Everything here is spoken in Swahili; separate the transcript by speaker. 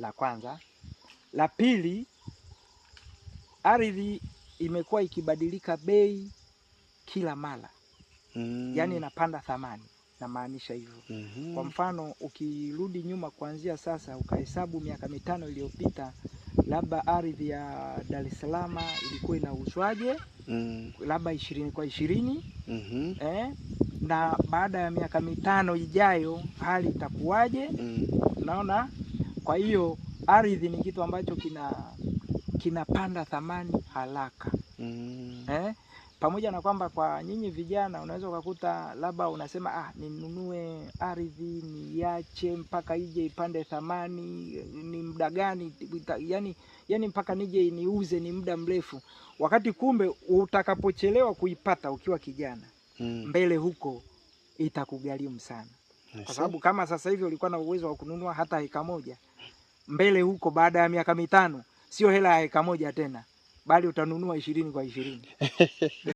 Speaker 1: la kwanza. La pili, ardhi imekuwa ikibadilika bei kila mara mm. Yaani inapanda thamani, namaanisha hivyo mm -hmm. Kwa mfano ukirudi nyuma kuanzia sasa ukahesabu miaka mitano iliyopita labda ardhi ya Dar es Salaam ilikuwa inauzwaje? mm. labda ishirini kwa ishirini mm -hmm. eh? na baada ya miaka mitano ijayo hali itakuwaje? mm. Naona kwa hiyo ardhi ni kitu ambacho kina kinapanda thamani haraka mm. eh? Pamoja na kwamba kwa nyinyi vijana unaweza ukakuta labda unasema ah, ninunue ardhi niache mpaka ije ipande thamani, ni muda gani? Yani, yani mpaka nije niuze, ni muda mrefu, wakati kumbe utakapochelewa kuipata ukiwa kijana mm. mbele huko itakugharimu sana, kwa sababu kama sasa hivi ulikuwa na uwezo wa kununua hata heka moja mbele huko, baada ya miaka mitano, sio hela ya eka moja tena, bali utanunua ishirini kwa ishirini